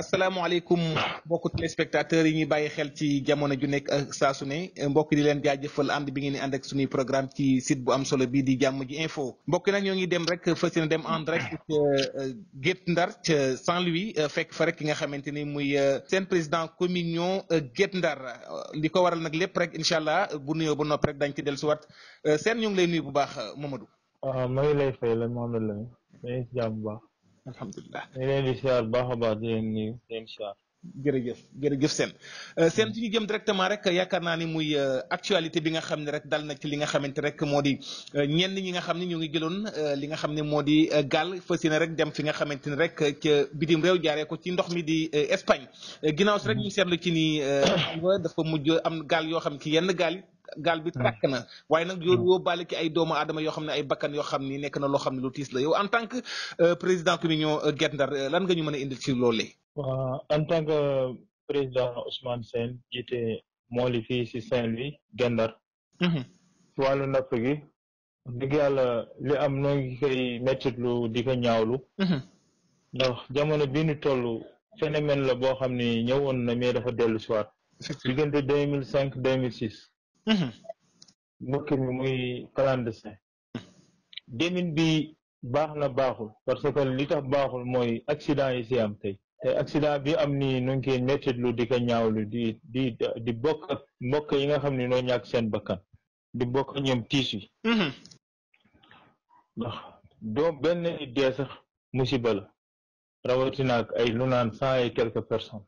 asalaamaaleykum mbokku téléspectateurs yi ñuy bàyyi xel ci jamono ju nekk ak saa su ne mbokk di leen jaajëfal ànd bi ngeen di ànd ak suñuy programme ci site bu am solo bii di jàmm ji info mbokki nag ñoo ngi dem rek fas yéene dem en direct ca euh, Ndar ca Saint-Louis euh, fekk fa rek ki nga xamante ni muy euh, seen président communion Guet Ndar li ko waral nag lépp rek incha allah bu nuyoo ba noppi rek dañ ci dellusiwaat seen ñu lay nuyu bu baax Mamadou. waaw ah, maa lay fay alhamdulilah. ñu leen di siyaar baax a baax di leen nuyu jërëjëf jërëjëf seen seen ci ñu jëm directement rek yaakaar naa ni muy actualité bi nga xam ne rek dal na ci li nga xamante rek moo di ñenn ñi nga xam ne ñu ngi jëloon li nga xam ne moo di gaal fas rek dem fi nga xamante ni rek ca bitim réew jaaree ko ci ndox mi di Espagne ginnaaw si rek ñu seetlu ci ni dafa mujj am gaal yoo xam ci yenn gaal yi. gaal bi hmm. tàkk na waaye nag yooyu hmm. yóbbaale ki ay doomu aadama yoo xam ne ay bakkan yoo xam ni nekk na loo xam ne lu tiis la yow en tant que euh, président communion euh, Guet euh, a indil ci loolee. jiite mooli fii si Saint-Louis Guet Ndar. Hmm. ci gi. dëgg li am noo koy mettitlu di ko ñaawlu. ndax jamono bii ñu toll phénomène la boo xam ni ñëwoon na mais dafa dellu si waat. diggante deux mille cinq deux mille six. Mhm. mbëkk mi muy clandestin demin bi baax na baaxul parce que li tax baaxul mooy accident yi si am tey te accident bi am nii nu ngi koy mettitlu di ko ñaawlu di di di bokk ak yi nga xam ni noo ñàkk seen bakkan di bokk ñoom tiis yi mhm. doo benn nit dee sax musiba la rawatina ay lu naan cent et quelques personnes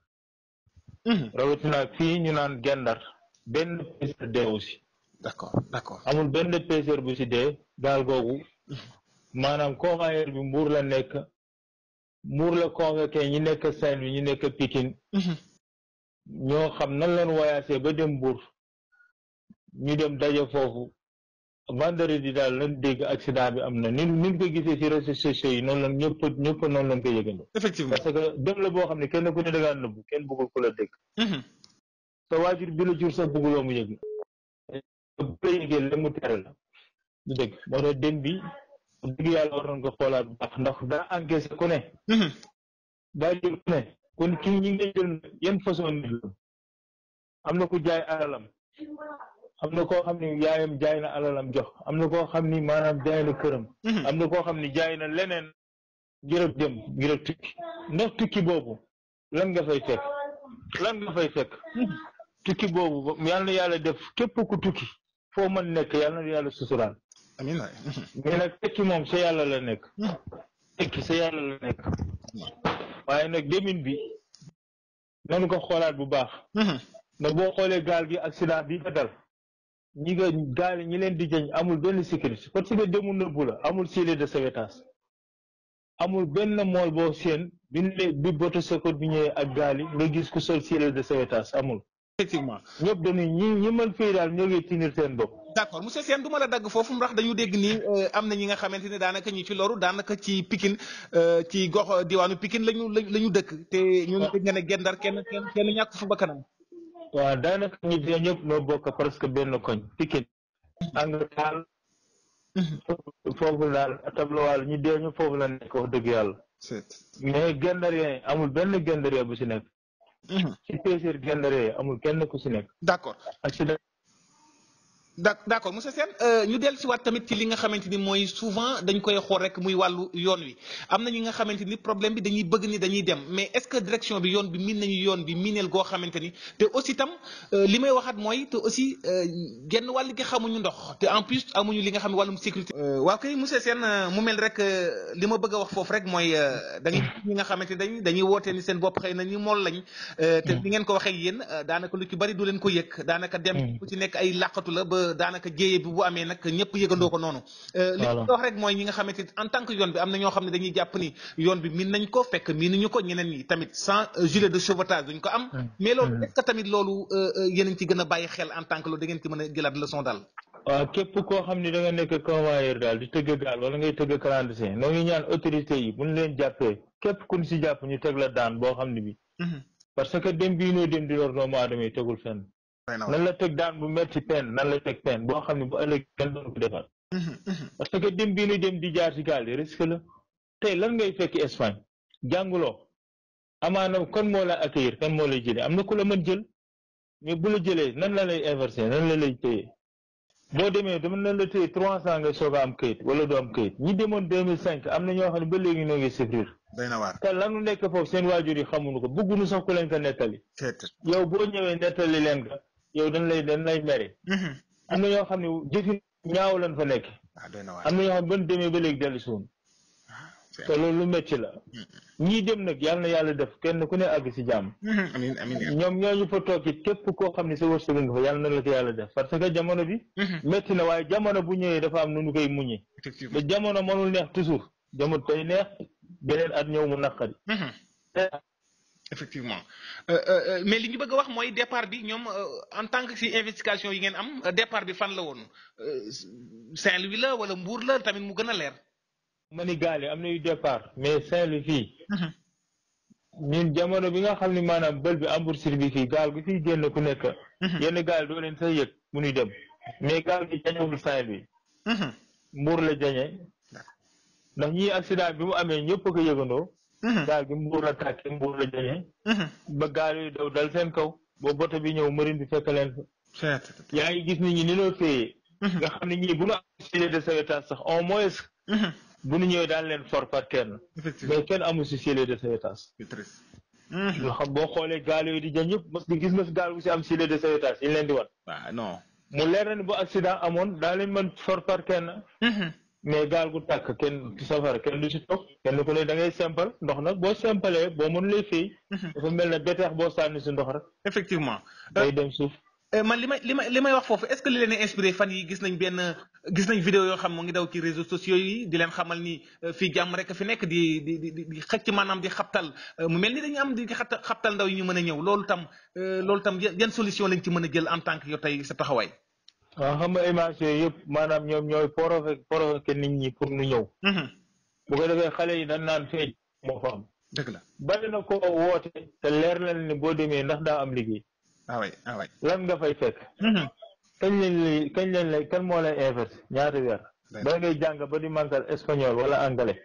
mhm. rawatina ak ñu naan gendar benn pêcheur deewu si. d'accord d'accord amul benn pêcheur bu si dee gaal googu maanaam convoyeur bi mbuur la nekk mbuur la convoqué ñi nekk Saint-Louis ñi nekk Pikine mhm. ñoo xam nan lañ voyagé ba dem mbuur ñu dem daje foofu vendredi daal lañ dégg accident bi am na ni ni ko noonu la ñëpp ñëpp noonu lañ ko yëgandoo effectivement parce que dem la boo xam ne kenn ku ne da ngaa nëbbu kenn bëggul ku la dégg mhm. sa waajur bi la jur sax bëgguloo mu yëg bu la mu tere la du dëgg moo tax dem bi dëgg yàlla war nañ ko xoolaat bu baax ndax daa encaissé ku daa mhm. jël kon ki ñi ngay jël yan façon na ku jaay alalam am na koo xam ni yaayam jaay na alalam jox am na koo xam ni maanaam jaay na këram mhm. am na koo xam ni jaay na leneen ngir ak dem ndax tukki boobu lan nga fay fekk lan nga fay fekk mhm. tukki boobu yal na yàlla def képp ku tukki foo man nekk yal na yàlla suturaan amiin mais nag tekki moom sa yàlla la nekk tekki sa yàlla la nekk waaye nag demin bi nanu ko xoolaat bu baax ndax boo xoolee gaal gi sinaa bi nga dal ñi nga gaal ñi leen di jëñ amul benn sécurité parce que demul nëbbu la amul gilet de sauvetage amul benn mool boo seen bi bateau secours bi ñëwee ak gaal yi nga gis ku sol gilet de sauvetage amul effectivement ñëpp dañuy ñi ñi man fii daal ñoo ngi tinir seen bopp d'accord monsieur Sène du la dagg foofu ndax dañu dégg ni euh, am na ñi nga xamante ni daanaka ñi ci loru daanaka ci pikin euh, ci gox euh, diwaanu Pikine lañu la ñu dëkk te ñu ah. dégg nga ne gendar kenn kenn kenn ñàkk fa bakkanam waaw daanaka ñi dee ñëpp noo bokk presque benn koñ Pikine Anglical mhm. foofu daal atabluwaal ñi dee ñu foofu la nekk wax dëgg yàlla mais gendarien amul benn gendarien bu si nekk ci TGR gendarmerie amul kenn ku si nekk. d' accord d' accord monsieur Sène euh, ñu dellu si waat tamit ci li nga xamante ni mooy souvent dañ koy xool rek muy wàllu yoon wi am na ñi nga xamante ni problème bi dañuy bëgg ni dañuy dem mais est que direction bi yoon bi miin nañu yoon bi miineel goo xamante ni te aussi tam euh, li may waxaat mooy te aussi euh, genn wàll gi xamuñu ndox te en plus amuñu li nga xam ne wàllum sécurité. waaw kay monsieur Sène mu mel rek li ma bëgg wax foofu rek mooy dañuy ñi nga xamante ni dañ dañuy wootee ni seen bopp xëy na ñu mool lañ. te li hmm. ngeen ko waxee yéen daanaka lu ci bari du leen ko yëg daanaka dem hmm. ku nekk ay làqatu la daanaka jéye bi bu amee nag ñëpp yëgandoo ko noonu euh, li wax rek mooy ñi en tant que yoon bi am na ñoo xam ne dañuy jàpp ni yoon bi miin nañ ko fekk miinuñu ko ñeneen ñi tamit sans euh, gilet de sauvetage duñ ko am mais loolu est tamit loolu euh, yéen ci gën a bàyyi xel en tant que loolu da a jëlaat leçon tëgg gaal wala ngay tëgg clandestin noo ngi ñaan autorité yi buñ leen jàppee képp kun si jàpp ñu teg la daan boo xam ne bi mhm. parce que dem bii noo dem di lor doomu nan la teg daan bu metti pen nan la teg pen boo xam ne bu ëllëg kenn doon ko defal mhm, mhm. parce que dem bii nu dem di jaar ci gaal yi risque la tey lan ngay fekk Espagne jànguloo amaana kon moo la accueillir kan moo lay am na ku la mën jël mais bu la jëlee nan la lay inversé nan la lay téye boo demee dama nan la téye trois cent nga soog a am kayit wala doo am kayit ñi demoon deux mille cinq am na ñoo xam ne ba léegi ñoo ngi souffrir te lanu nekk foofu seen waajur yi xamuñu ko bëgguñu ko nettali yow boo ñëwee yow dañ lay dañ lay mere. Mm-hmm. am na ñoo xam ne jëfin ñaaw lañ fa nekk. Ah, am na yoo xam ne ban demee ba léegi dellu si woon ah, te loolu lu métti la. Mm-hmm. ñii dem nag yàlla yàlla def kenn ku ne àgg si jàmm. Mm-hmm. amiin amiin ñoom ñooñu fa toog képp koo xam ne sa wërsëg nga fa yàlla na la yàlla def parce que jamono bi. métti na waaye jamono bu ñëwee dafa am nu ñu koy muñee. effectivement te jamono mënul neex toujours jamono tey neex beneen at ñëw mu naqari. effectivement euh, euh, euh, mais li ñu bëgg a wax mooy départ bi ñoom en tant que si investigation yi ngeen am départ bi fan la woon Saint-Louis la wala Mbour la tamit mu gën a leer. ma ni yi am na yu départ mais Saint-Louis fii. Mhm. jamono bi nga xam ne maanaam bël bi embouchure bi fii gaal gu fiy génn ku nekk. Mhm. yenn gaal doo leen sa yëg mu nuy dem mais gaal gi jañewul Saint-Louis. Mhm. Mbour la jañe. ndax ñii accident bi mu amee ñëpp ko yëgandoo. gaal mhm. gi mbuur la tàkkee mbuur la jógee. ba gaal yu daw dal seen kaw. boo boto bi ñëw marine bi fekk leen fa. yaa ngi gis nit ñi ni noo féeyee. Mhm. nga xam ne ñii bu ñu amee mhm. si filet de sauvetage. loo xam boo xoolee gaal yooyu di jëm yëpp parce gis nga gaal bu si am filet de sauvetage yi leen di wan. mu leer na ni bu accident amoon daa leen mën for par kenn. mais gaal gu tàkk kenn safara kenn du ci toog kenn ku ne da ngay simple ndox nag boo simpalee boo mënulee fii. Mhm. dafa mel ne beteex boo sànni si ndox rek. effectivement day dem euh, euh, li may li may li may wax foofu est-ce que li leen inspiré fan yi gis nañ benn gis nañ vidéo yoo xam mu ngi daw ci réseaux sociaux yi di leen xamal ni euh, fii jàmm rek fi nekk di di di di xëcc maanaam di xaptal mu mel ni dañu am di xabtal ndaw yi ñu mën a ñëw loolu tam loolu tam yan solution lañ ci mën a jël en tant que yow tey sa taxawaay. waa ah, xam nga image yooyu yëpp maanaam ñoom ñooy provoqué provoqué nit ñi pour nu ñëw. Mm-hmm. bu ko defee xale yi na naan feeñ moo fa am. na ko woote te leer na ni boo demee ndax daa am liggéey. ah, ah lan nga fay fekk. Mm-hmm. kañ lañ lay kañ lañ lay kan moo lay inversé ñaata weer. bala ngay jàng ba di mànkal espagnol wala anglais.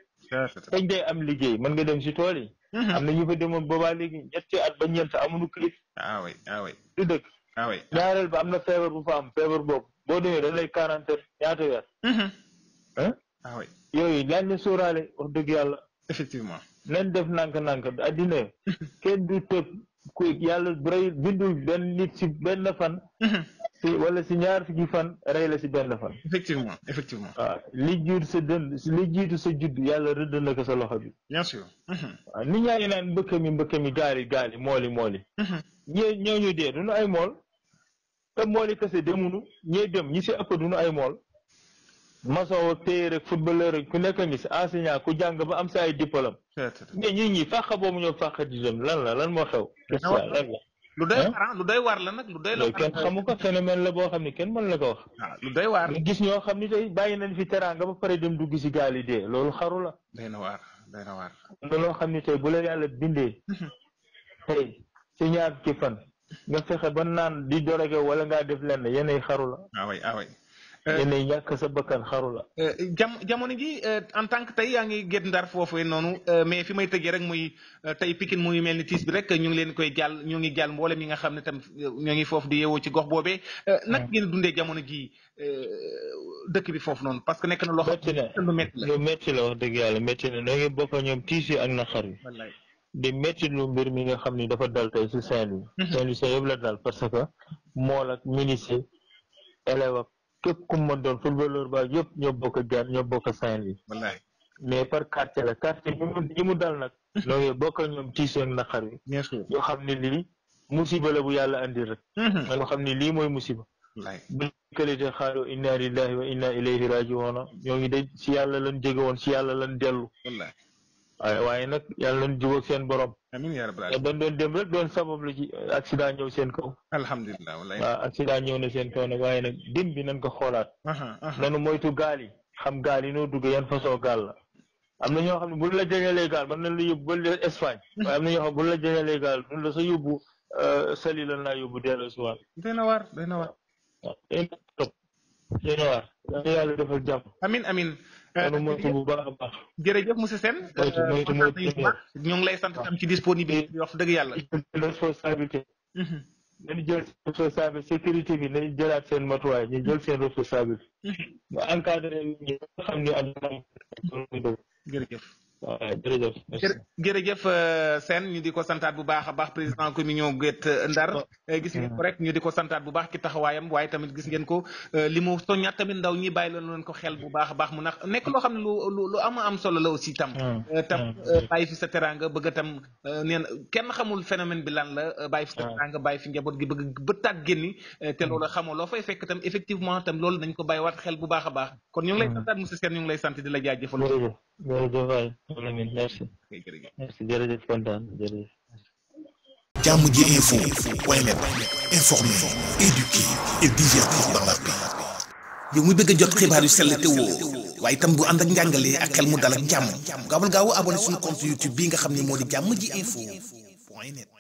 kañ day am liggéey mën nga dem si tool yi. Mm-hmm. am na ñu fa demoon boobaa léegi ñetti at ba ñeent amuñu kayit. ah, ah du dëgg. ah oui ñaareel ba am na feebar bu fa am feebar boobu boo demee dañ lay quarantaine ñaata weer. Mhm. ah oui yooyu daañu la wax dëgg yàlla. effectivement nañ def nànk-nànk addina mhm. kenn du tëb ku yàlla rey bindul benn nit si benn fan. Mhm. si wala si ñaar fukki fan rey la si benn fan. effectivement effectivement. Ah, li jiitu sa dënd li jiitu sa judd yàlla rëdd na sa loxo bi. bien sûr. waaw ah, nit ñaa naan mbëkk mi mbëkk mi gaali gaali mooli mooli. ñooñu dee duñu ay mool. te mool yi kese demunu ñee dem ñi si ëpp duñu ay mool maçon ak téye rek footballeur rek ku nekk ngi si enseignant ku jàng ba am sa ay diplôme mais ñi ñi fàq boobu ñoo fàq di dem lan la lan moo xew lu doy waar lu doy la nag lu doy la kenn xamu ko phénomène la boo xam ne kenn mën la ko wax ah, lu doy waar gis ñoo xam ni tey bàyyi nañ fi teraanga ba pare dem dugg si gaal yi loolu xaru la day na waar day na loo xam ni tey bu la yàlla bindee tey si ñaar ci fan nga fexe ba naan di dorogé wala ngaa def lenn yeneen xaru la. ah oui ah euh, sa bëkkan xaru la. Euh, jam jamono ji euh, en tant que tey yaa ngi gét ndar foofu noonu mais fi may tëjee rek muy tey Pikine muy mel ni tiis bi rek ñu ngi leen koy jàll ñu ngi jàll mboolem yi nga xam ne tam ñoo ngi foofu di yeewoo ci gox boobee. Mm. nag ngeen dundee jamono jii dëkk bi foofu noonu parce que nekk na loo xam. métti na métti la wax dëgg yàlla métti na noo ngi bokk ñoom tiis yi ak naqar yi. di métti lu mbir mi nga xam ni dafa dal tey si Saint-Louis. Mm-hmm. Saint-Louis yëpp la dal parce que mool ak ministre élève ak képp ku mën doon footballeur ba yëpp ñoo bokk gaan ñoo bokk Saint-Louis. wallaay mais par quartier la quartier bi mu bi mu dal nag. loolu mm-hmm. bokk ak ñoom tiisoo ak naqar wi. bien xam ne lii musiba la bu yàlla indi rek. nga mm-hmm. xam ni lii mooy musiba. wallaay bu ñu xaaloo inna lillahi ñoo ngi de si yàlla lan jege woon si yàlla lan dellu. waaye waaye nag yàlla nañu jubóog seen borom. amiin yaa rabbal aalamiin dañ doon dem rek doon sabab lu ci accident ñëw seen kaw. alhamdulilah walaay. waaw accident ñëw na seen kaw nag waaye nag dim bi nañ ko xoolaat. nanu moytu gaal yi xam gaal yi noo dugg yan façon gaal la. am na ñoo xam ne bu la jëñalee gaal mën nañ la yóbbu ba léegi Espagne. waaye am na ñoo xam buñ la jëñalee gaal duñ la sa yóbbu euh, sali lan laa yóbbu dellu si waat. day na waar day na waar. waaw day na waar. yàlla defal jàmm. kon moytu bu a baax. jërëjëf monsieur Sène. moytu moytu euh, ñu ngi lay sant tam ci ah. disponibilité bi wax dëgg yàlla. responsabilité. Mhm. nañu jël seen responsabilité sécurité bi nañu jëlaat seen matuwaay ñu jël seen responsabilité. Mhm. ba encadré ñu xam ne waaw jërëjë jërëjëf euh, Sène ñu di ko santaat bu baax a baax président communion Guet euh, Ndar oh. euh, gis ngeen ko rek ñu di ko santaat bu baax ci taxawaayam waaye tamit gis ngeen ko li mu soññaat tamit ndaw ñi bàyyi loolu leen ko xel bu baax a baax mu nax nekk loo xam ne lu lu am am solo la aussi tam mm. tam mm. bàyyi fi sa teraanga bëgg tam neen kenn xamul phénomène bi lan la bàyyi fi sa mm. teraanga bàyyi fi njaboot gi bëgg bëttaat génni te loolu xamoo loo fay fekk tam effectivement tam loolu dañ ko bàyyi xel bu a baax kon ñu ngi lay santaat monsieur di la jaajëfal loolu de waay Lamine merci. merci jërëjëf kontaan jërëjëf. jàmm ji info point net informer, éduquer et divertir dans la paix. yow bëgg a jot xibaar yu sell te woo waaye itam bu ànd ak njàngalee ak xel mu dal ak jàmm gaawal gaaw abonné suñu compte YouTube bii nga xam ne moo di jàmm ji info